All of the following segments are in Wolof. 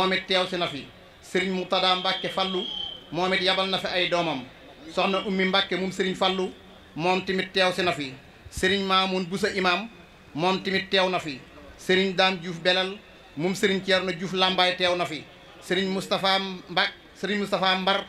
moom na fi sëriñ Murtada Mbàkke Fallu moom it yabal na fi ay doomam soxna ummi Mbàkke moom sëriñ Fallu moom tamit teew si na fi sëriñ Maamun Busa Imaam moom tamit teew na fi sëriñ daan Diouf Belal moom sëriñ na Diouf Lambaay teew na fi sëriñ Moustapha Mbak sëriñ Moustapha Mbar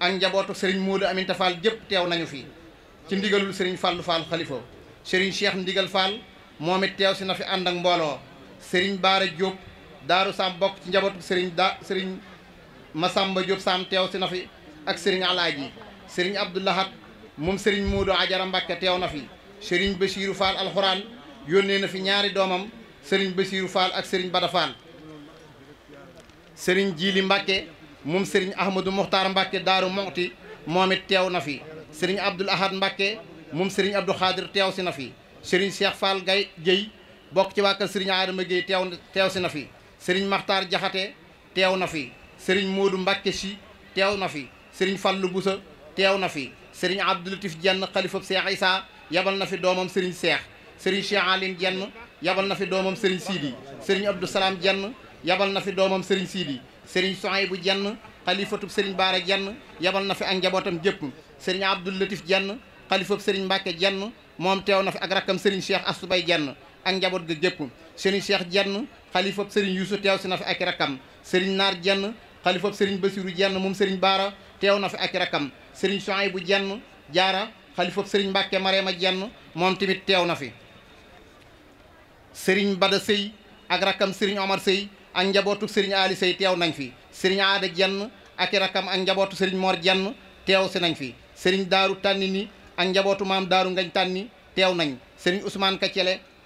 ak njabootu sëriñ Moodu Aminta Fall jëpp teew nañu fi ci ndigalul sëriñ Fallu Fall xalifa sëriñ Cheikh Ndigal Fall moom teew si na fi ànd ak mbooloo sëriñ Baara Diop daaru Sam bokk ci njabootu Serigne da Serigne Masamba Diop Sam teew si na fi ak Serigne Alaaji Serigne lahat moom Serigne Moodu Ajara Mbàkke teew na fi Serigne Bassirou Fall alxuraan yónnee na fi ñaari doomam Serigne Bassirou Fall ak Serigne Bada Fall Serigne Jili Mbàkke moom sëriñ Ahmadou Mokhtar Mbàkke daaru Moxti moom it teew na fi Serigne Abdoul Ahad Mbàkke moom Serigne Abdou Khadir teew si na fi Serigne Cheikh Fall Gay Guèye bokk ci waa kër Serigne Adama Guèye teew teew na fi sëriñ Maxtaar Jaxate teew na fi sëriñ Moodu Mbàkke si teew na fi sëriñ Fallu Busa teew na fi sëriñ Abdulatif Jenn xalifab Seex Isaa yabal na fi doomam sëriñ Seex sëriñ Cheikh Aline Jenn yabal na fi doomam sëriñ Siidi sëriñ Abdou Salaam Jenn yabal na fi doomam sëriñ Siidi sëriñ Sohaybu Jenn xalifatub sëriñ Baara Jenn yabal na fi ak njabootam jëpp sëriñ Abdulatif Jenn xalifab sëriñ Mbàkke Jenn moom teew na fi ak rakkam sëriñ Cheikh Asubay Jenn ak njaboot ga gépp sëriñ Cheikh Jenn xalifab sëriñ Yuusu teew si na fi ak rakam sëriñ Naar Jenn xalifab sëriñ Basiru Jenn moom sëriñ Baara teew na fi ak rakam sëriñ Suhaybu Jenn jaara xalifab sëriñ Mbàkke Mareema Jenn moom tamit teew na fi sëriñ Bada Sëy ak rakam sëriñ Omar Sëy ak njabootu sëriñ Ali Sëy teew nañ fi sëriñ Aada Jenn ak rakam ak njabootu sëriñ Mor Jenn teew si nañ fi sëriñ Daaru Tànni ni ak njabootu maam Daaru Ngañ Tànni teew nañ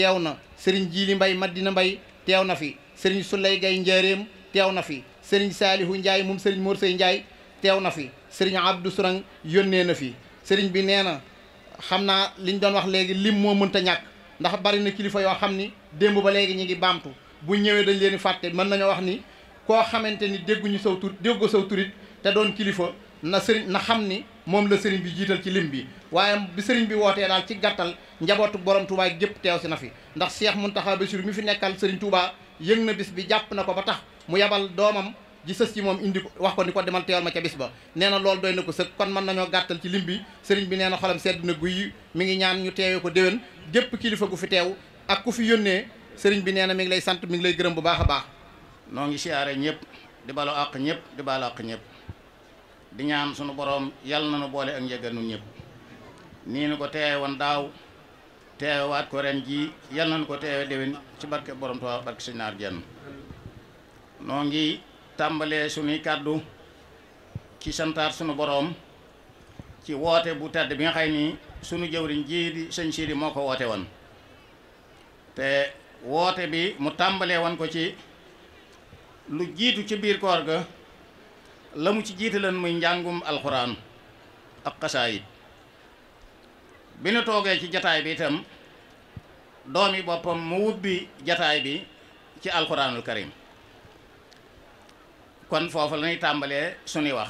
teew na sëriñ Jiili Mbay Madina Mbay teew na fi sëriñ Sulay Gay Njaaréem teew na fi sëriñ Saalihu Njaay moom sëriñ Morsey Njaay teew na fi sëriñ Abdou Surang yónnee na fi sëriñ bi nee na xam naa li ñu doon wax léegi lim moo mënta ñàkk ndax bari na kilifa yoo xam ni démb ba léegi ñu ngi baamtu bu ñëwee dañ leen fàtte mën nañoo wax ni koo xamante ni dégguñu saw tur déggu saw turit te doon kilifa na sëriñ na xam ni moom la sëriñ bi jiital ci lim bi waaye bi sëriñ bi wootee daal ci gàttal njabootu borom Touba gépp teew si na fi ndax seex Cheikh Mountakha Bassirou mi fi nekkal sëriñ Touba yëg na bis bi jàpp na ko ba tax mu yabal doomam ji sës ci moom indi ko wax ko ni ko demal teewal ma ca bis ba neena na loolu doy na ko sëkk kon mën nañoo gàttal ci lim bi sëriñ bi neena na xolam sedd na guy mi ngi ñaan ñu teewee ko déwén gépp kilifa gu fi teew ak ku fi yónnee sëriñ bi nee na mi lay sant mi ngi lay gërëm bu baax baax noo ngi siyaare ñëpp di balo ñëpp di balo àq ñëpp di ñaan sunu boroom yàlla na nu boole ak njëgal nu ñëpp nii nu ko teewe woon daaw waat ko ren ji yàlla nañu ko teewe déwén ci barke borom Tuubaa barke sëñ naar jenn noo ngi tàmbalee sunuy kàddu ci santaat sunu boroom ci woote bu tedd bi nga xay nii sunu jëwriñ jii di sëñ moo ko woote woon te woote bi mu tàmbalee woon ko ci lu jiitu ci biir koor ga la mu ci jiitaleen muy njàngum alxuraan ak xasaayit bi nu toogee ci jataay bi itam yi boppam mu wubbi jataay bi ci alxuraanul karim kon foofu la ñuy tàmbalee suñuy wax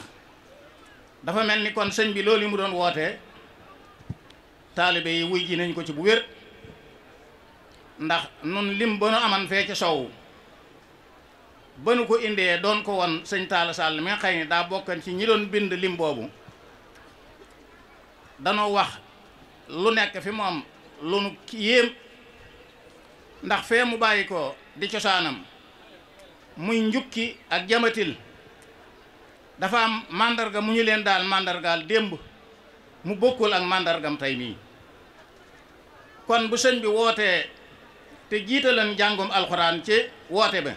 dafa mel ni kon sëñ bi loolu mu doon woote taalibe yi wuy ji nañ ko ci bu wér ndax nun lim ba nu aman fee ci sow ba nu ko indee doon ko won sëñ Talla Sall mi xëy ni daa bokkan ci ñi doon bind lim boobu danoo wax lu nekk fi mu am lu nu yéem ndax fee mu bàyyi ko di cosaanam muy njukki ak jamatil dafa am màndarga mu ñu leen daal màndargaal démb mu bokkul ak màndargam tey mii kon bu sëñ bi wootee te jiitalan njàngum alxuraan ci woote ba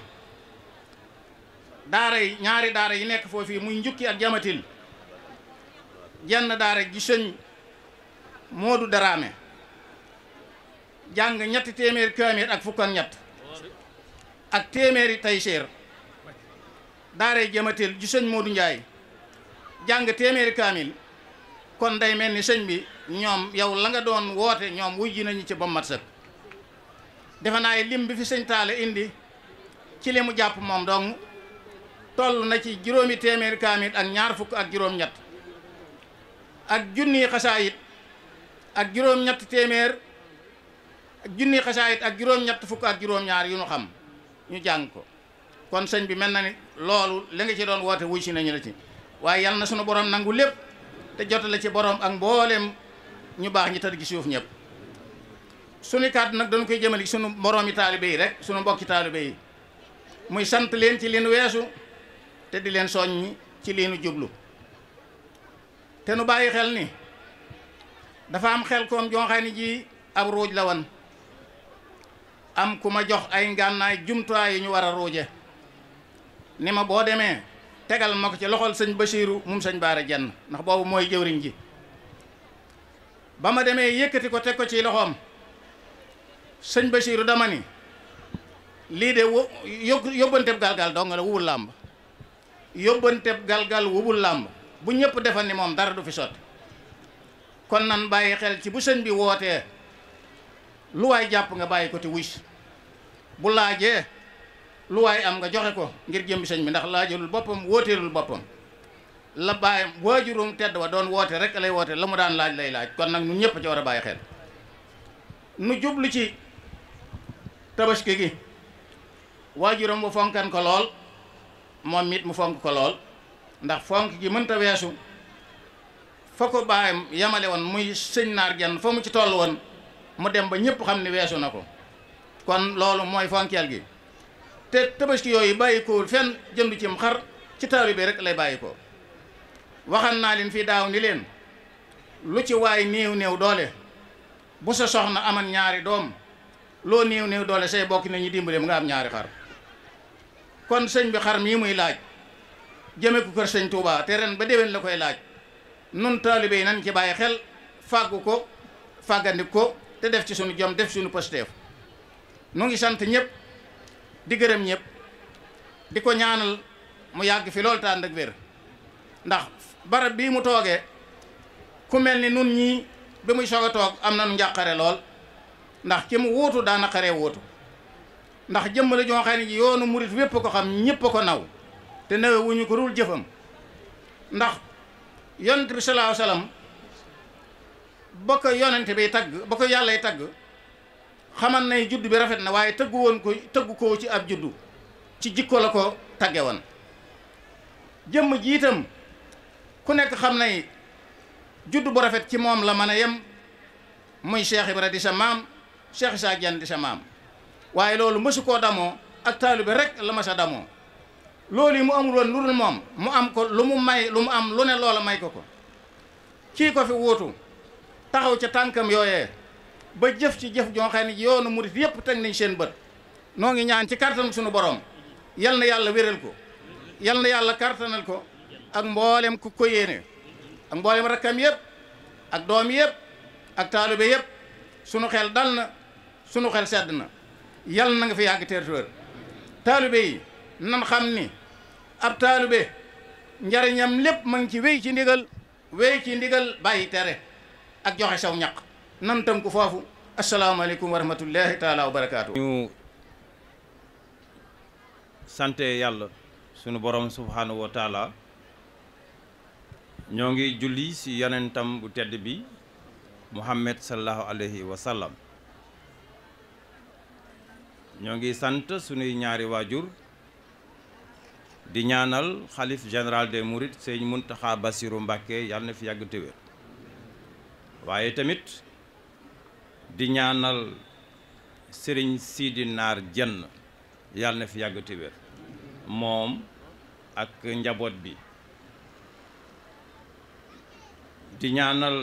daara yi ñaari daara yi nekk foofii muy njukki ak jamatin jenn daara ji sëñ moodu daraame jàng ñetti téeméeri kaamil ak fukk ñett ak téeméeri tayseer daara jamatil ji sëñ moodu njaay jàng téeméeri kaamil kon day mel ni sëñ bi ñoom yow la nga doon woote ñoom wuy ji nañu ci ba mat sëkk lim bi fi sëñ taale indi ci li jàpp moom dong toll na ci juróomi téeméeri kaamil ak ñaar fukk ak juróom-ñett ak junni xasaayit ak juróom téeméer ak junni xasaayit ak juróom-ñett fukk ak juróom-ñaar yu nu xam ñu jàng ko kon sëñ bi mel na ni loolu li nga ci doon woote wuy si nañu la ci waaye yal na sunu borom nangu lépp te jotale ci boroom ak mbooleem ñu baax ñi tëdd gi suuf ñëpp sunu kàddu nag dañ koy jëmale sunu boroomi taalibe yi rek sunu mbokki taalibe yi muy sant leen ci li nu weesu te di leen soññ ci liinu jublu te nu bàyyi xel ni dafa am xel koom jonxani ji ab ruuj la wan am ku ma jox ay ngànnaay jumtuwaay yu ñu war a ruuje ni ma boo demee tegal ma ko ci loxol sëñ Basiiru mum sëñ Baara Jenn ndax boobu mooy jëwriñ ji ba ma demee yëkkati ko teg ko ci loxoom sëñ Basiiru dama ni lii de yóbbante bu gaal gaal dong la wuwul làmb yóbbanteb galgal wubul làmb bu ñëpp defal ni moom dara du fi sotti kon nan bàyyi xel ci bu sëñ bi wootee lu waay jàpp nga bàyyi ko te wuy bu laajee lu waay am nga joxe ko ngir jëm sëñ bi ndax laajalul boppam wooteelul boppam la bàyyi waajurum tedd wa doon woote rek lay woote la mu daan laaj lay laaj kon nag ñun ñëpp ci war a bàyyi xel nu jublu ci tabaski gi waajuram bu fonkan ko lool moom mit mu fonk ko lool ndax fonk gi mënta weesu fa ko baayam yamale woon muy sëñ naar genn fa mu ci toll woon mu dem ba ñëpp xam ni weesu na ko kon loolu mooy fonkeel gi te tabaski yooyu bàyyi ko fenn jëndu cim xar ci taalibe rek lay bàyyikoo ko waxan naa leen fii daaw ni leen lu ci waay néew néew doole bu sa soxna aman ñaari doom loo néew néew doole say bokk nañu dimbale mu nga am ñaari xar kon sëñ bi xar mii muy laaj jëme ko kër sëñ Touba te ren ba déwén la koy laaj nun taalibe yi nañ ci bàyyi xel fàggu ko fàggandi ko te def ci sunu jom def suñu posteef nu ngi sant ñëpp di gërëm ñëpp di ko ñaanal mu yàgg fi lool tànd wér ndax barab bii mu toogee ku mel ni nun ñii bi muy soog a toog am na nu njàqare lool ndax ki mu wuutu daana xaree wuutu ndax jëmm la joo xam ne ji yoonu murit wépp ko xam ñëpp a ko naw te nawe wuñu ko dul jëfam ndax yonent bi salaahu salaam ba ko yonent bi tagg ba ko yàllay tagg xamal na judd bi rafet na waaye tëggu woon ko tëggu ko ci ab juddu ci jikko la ko tagge woon jëmm ji itam ku nekk xam nay judd bu rafet ci moom la mën a yem muy Cheikh Ibra di sa maam Cheikh Issa Diène di sa maam waaye loolu mësu koo damoo ak taalibe rek la masa damoo loolu mu amul woon lu dul moom mu am ko lu mu may lu mu am lu ne loola may ko ko kii ko fi wuutu taxaw ca tànkam yooyee ba jëf ci jëf joo xam ne yoonu murit yëpp teg nañ seen bët noo ngi ñaan ci kàttan suñu borom yal na yàlla wéral ko yal na yàlla kàttanal ko ak mboolem ku ko yéene ak mboolem rakkam yëpp ak doom yëpp ak taalibe yëpp sunu xel dal na sunu xel sedd na yàlla na nga fi yàgg teer joueur taalibe yi nan xam ni ab taalibe njariñam lépp ma ngi ci wéy ci ndigal wéy ci ndigal bàyyi tere ak joxe saw ñaq nan tënku foofu asalaamaaleykum wa rahmatullahi taala wa barakaatu ñu sante yàlla sunu borom subhaanahu wa taala ñoo ngi julli ci yonentam bu tedd bi muhammad sallallahu alayhi wa ñoo ngi sant sunuy ñaari waajur di ñaanal xalif général des mourides sëñ Muntaxa Basiru Mbàkke yàlla na fi yàgg te waaye tamit di ñaanal sëriñ siidi Naar Jenn yàlla na fi yàgg te moom ak njaboot bi di ñaanal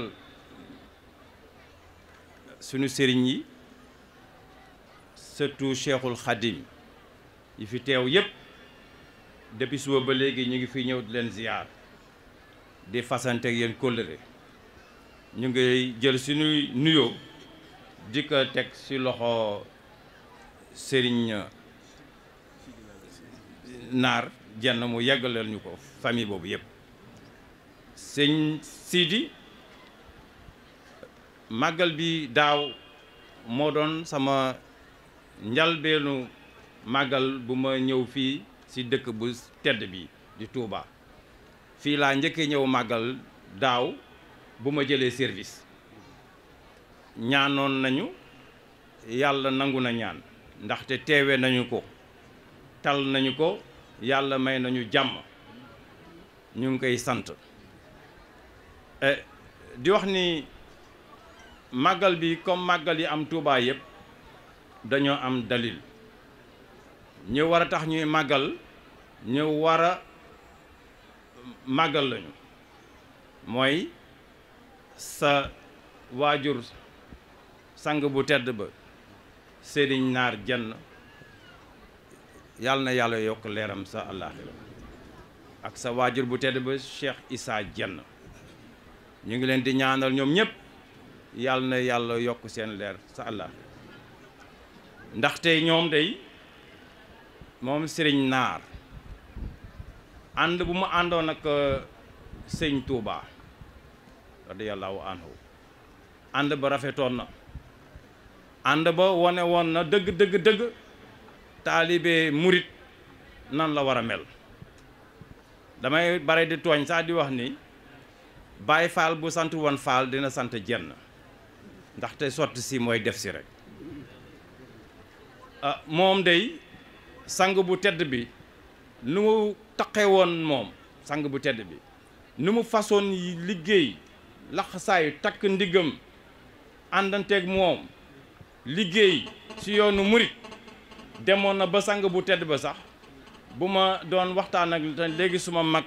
sunu sëriñ yi surtout Cheikhul Khadim yi fi teew yépp depuis suba ba léegi ñu ngi fi ñëw di leen ziyaar di fasante ak yéen kóllëre ñu ngiy jël suñuy nuyoo di teg ci loxo sëriñ Naar jenn mu yeggaleel ñu ko famille boobu yépp sëñ Sidi màggal bi daaw moo doon sama njalbeenu màggal bu ma ñëw fii ci dëkk bu tedd bi di Touba fii laa njëkkee ñëw màggal daaw bu ma jëlee service ñaanoon nañu yàlla nangu na ñaan ndaxte teewe nañu ko tal nañu ko yàlla may nañu jàmm ñu ngi koy sant eh, di wax ni màggal bi comme màggal yi am Touba yëpp dañoo am dalil ñu war a tax ñuy màggal ñëw war a màggal lañu mooy sa waajur sang bu tedd ba Serigne Naar Jenn yàlla na yàlla yokk leeram sa àllaaxira ak sa waajur bu tedd ba Cheikh isaa Jenn ñu ngi leen di ñaanal ñoom ñëpp yàlla na yàlla yokk seen leer sa àllaaxira ndaxte ñoom day moom sëriñ naar ànd bu mu àndoon ak euh, sëñ Touba radiyallahu anhu ànd ba rafetoon na ànd ba wone woon na dëgg dëgg dëgg taalibe murit nan la war a mel damay bare di tooñ sax di wax ni Baay Faal bu sant woon Faal dina sant jenn ndaxte sotti si mooy def si rek Ah, moom dey sang bu tedd bi nu mu taqe woon moom sang bu tedd bi nu mu façon yi liggéey laxasaayu takk ndiggam àndanteeg moom liggéey ci yoonu murit demoon na ba sang bu tedd ba sax bu ma doon waxtaan ak léegi suma mag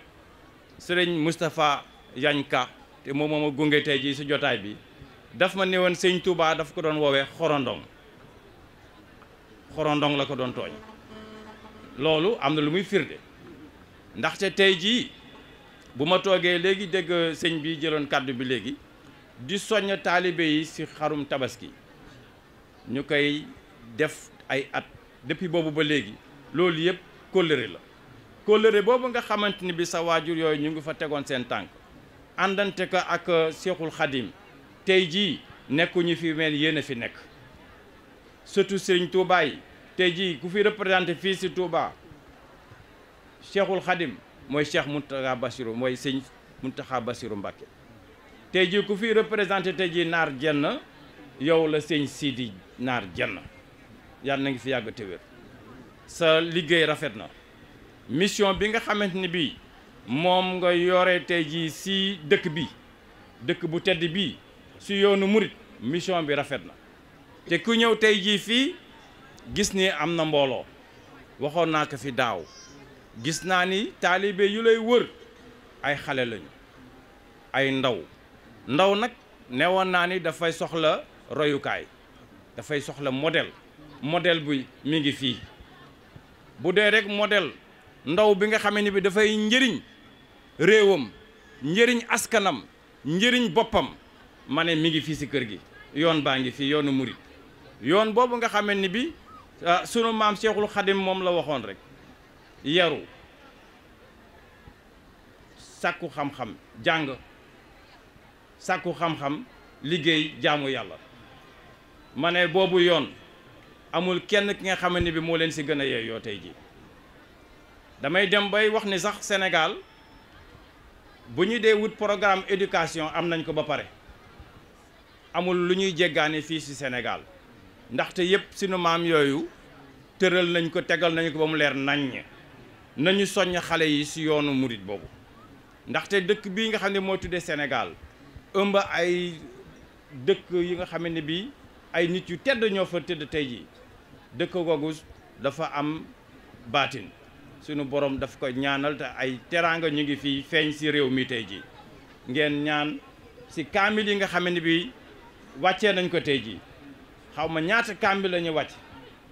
sëriñ Moustapha Yanka te moom moo ma gunge tey jii ci jotaay bi daf ma ne woon sëñ Touba daf ko doon woowee xorondom xorondong la ko doon tooñ loolu am na lu muy firnde ndaxte tey jii bu ma toogee léegi dégg sëñ bi jëloon kàddu bi léegi di soññ taalibe yi ci xarum tabaski ñu koy def ay at depuis boobu ba léegi loolu yëpp kóllëre la kóllëre boobu nga xamante ni bi sa waajur yooyu ñu ngi fa tegoon seen tànk àndante ko ak Seexul Xadim tey jii nekkuñu fi mel yéen a fi nekk surtout Serigne Touba yi tey jii ku fi représenté fii si Touba Cheikhul Khadim mooy Cheikh Mountakha Bassirou mooy sëñ Mountakha Bassirou Mbacké te jii ku fi représenté tey jii naar jenn yow la sëñ Sidi naar jenn yàlla na ngi fi yàgg te sa liggéey rafet na mission bi nga xamante ni bii moom nga yore tey jii si dëkk bi dëkk bu tedd bii si yoonu murit mission bi rafet na te ku ñëw tey jii fii gis ni am na mbooloo waxoon naa ko fi daaw gis naa ni taalibe yu lay wër ay xale lañu ay ndaw ndaw nag woon naa ni dafay soxla royukaay dafay soxla modèle modèle bi mi ngi fii bu dee rek model ndaw bi nga xamee ni bi dafay njëriñ réewam njëriñ askanam njëriñ boppam ma ne mi ngi fii si kër gi yoon baa ngi fii yoonu murit yoon boobu nga xamee ni bi ah, sunu maam Cheikhul Khadim moom la waxoon rek yaru sàkku xam-xam jàng sàkku xam-xam liggéey jaamu yàlla ma ne boobu yoon amul kenn ki nga xamee ni bi moo leen si gën a yoo tey jii damay dem bay wax ni sax senegaal bu ñu dee wut programme éducation am nañ ko ba pare amul lu ñuy jéggaane fii ci Sénégal ndaxte yépp sunu maam yooyu tëral nañ ko tegal nañu ko ba mu leer naññ nañu soññ xale yi si yoonu murit boobu ndaxte dëkk bii nga xam ne moo tuddee Sénégal ëmb ay dëkk yi nga xam ne bii ay nit yu tedd ñoo fa tëdd tey jii dëkk googu dafa am baatin sunu borom daf ko ñaanal te ay teraanga ñu ngi fii feeñ si réew mi tey jii ngeen ñaan si kaamil yi nga xam ne bii wàcce nañ ko tey jii xaw ma ñaata kàmbi la ñu wàcc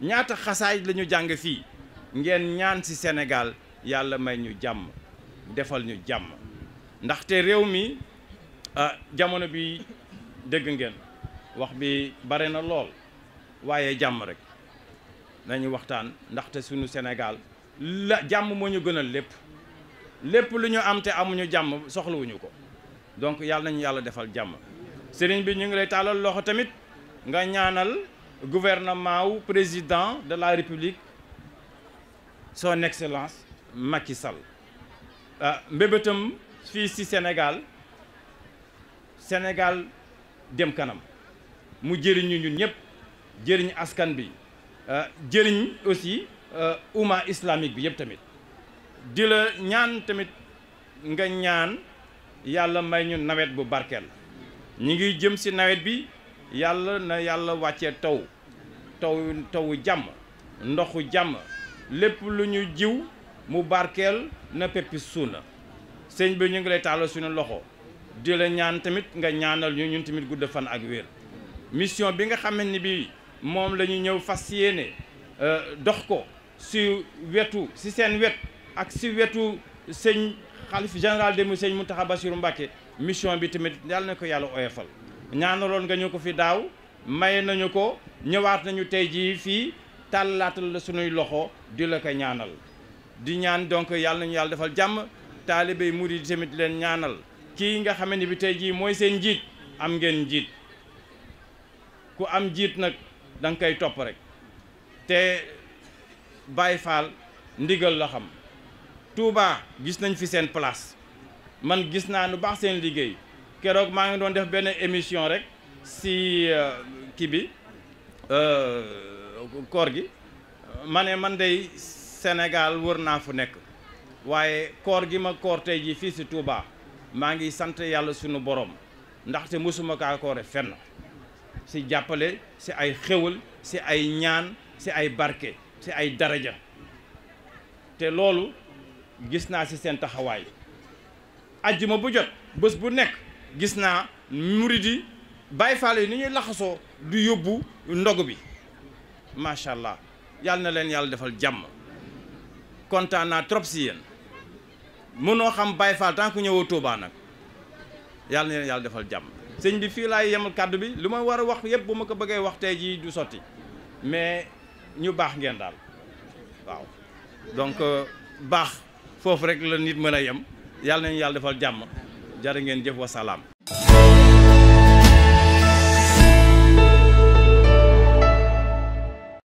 ñaata xasaay la ñu jàng fii ngeen ñaan si Sénégal yàlla may ñu jàmm defal ñu jàmm ndaxte réew mi ah, jamono bi dégg ngeen wax bi bare na lool waaye jàmm rek nañu waxtaan ndaxte sunu Sénégal la jàmm moo ñu gënal lépp lépp lu ñu am te amuñu jàmm soxlawuñu ko donc yàlla nañu yàlla defal jàmm sëriñ bi ñu ngi lay taalal loxo tamit nga ñaanal gouvernement wu président de la république son excellence Macky sal ah mbébétam fii ci Sénégal Sénégal dem kanam mu jëriñu ñun ñëpp jëriñ askan bi ah, jëriñ aussi ah, umma islamique bi yëpp tamit di ñaan tamit nga ñaan yàlla may ñu nawet bu barkeel ñu ngi jëm ci nawet bi yàlla na yàlla wàccee taw taw tawu jàmm ndoxu jàmm lépp lu ñu jiw mu barkeel na peppi suuna sëñ bi ñu ngi lay taalal suñu loxo di ñaan tamit nga ñaanal ñu ñun tamit gudd fan ak wér mission bi nga xamante ni bi moom lañuy ñëw fas yéene euh, dox ko si wetu si seen wet ak si wetu sëñ xalif général de mu sëñ Mountakha Bassirou Mbacké mission bi tamit yàlla na ko yàlla oyofal ñaanaloon nga ñu ko fi daaw maye nañu ko ñëwaat nañu tey jii fii tàllaatal la sunuy loxo di la ko ñaanal di ñaan donc yàlla nañu yàlla defal jàmm taalibe yi murid yi tamit leen ñaanal kii nga xam ne bi tey jii mooy seen njiit am ngeen njiit ku am njiit nag danga koy topp rek te Baye Fall ndigal la xam Touba gis nañ fi seen place man gis naa nu baax seen liggéey keroog maa ngi doon def benn émission rek si euh, kii bi euh, koor gi ma ne man day Sénégal wër naa fu nekk waaye koor gi ma koor tey ji fii si Touba maa ngi sant yàlla sunu borom ndaxte mosuma kaa koore fenn si jàppale si ay xéwal si ay ñaan ci ay barke ci ay daraja te loolu gis naa si seen taxawaay ajjuma bu jot bés bu nekk gis naa murid yi Baay Faal yi ni ñuy laxasoo du yóbbu ndogu bi macha allah yàlla na leen yàlla defal jàmm kontaan naa trop si yéen mënoo xam Baay Faal tant que ñëwoo Touba nag yàlla na leen yàlla defal jàmm. sëñ bi fii laay yemal kàddu bi lu ma war a wax yëpp bu ma ko bëggee wax tey jii du sotti mais ñu baax ngeen daal waaw donc euh, baax foofu rek la nit mën a yem yàlla nañu yàlla defal jàmm. jërë ngeen jëf wasalaam